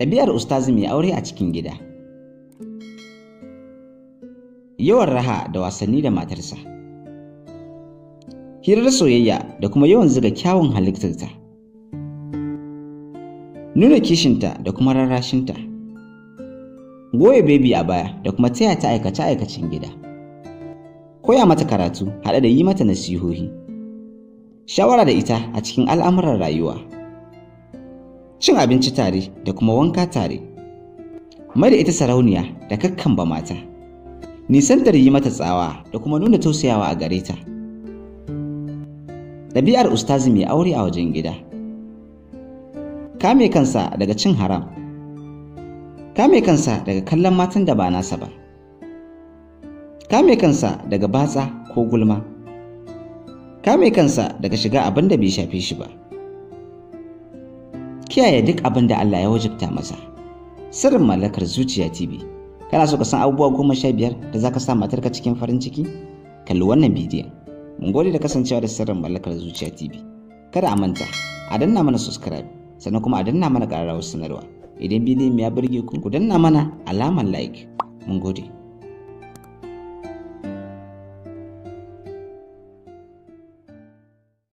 ɗabi'ar ustazi mai aure a cikin gida yawan raha da wasanni da matarsa hirar soyayya da kuma yawan zuga kyawun halittarta nuna kishinta da kuma rarrashinta goye bebi a baya da kuma taya ta aikace aikacen gida koya mata karatu haɗe da yi mata nasihohi shawara da ita a cikin al'amuran rayuwa cin abinci tare da kuma wanka tare mai da ita sarauniya da kakkan ba mata nisantar yi mata tsawa da kuma nuna tausayawa a gare ta ɗabi'ar ustazi mai aure a wajen gida kame kansa daga cin haram kame kansa daga kallon matan da ba nasa ba kame kansa daga batsa ko gulma kame kansa daga shiga abin da bai shafe shi ba kiyaye duk abin da Allah ya wajibta masa sirrin mallakar zuciya TV kana so ka san abubuwa goma sha biyar da za ka sa matar ka cikin farin ciki kalli wannan bidiyon mun gode da kasancewa da sirrin mallakar zuciya TV kada a manta a danna mana subscribe sannan kuma a danna mana ƙararrawar sanarwa idan bidiyon ya burge ku ku danna mana alamar like mun gode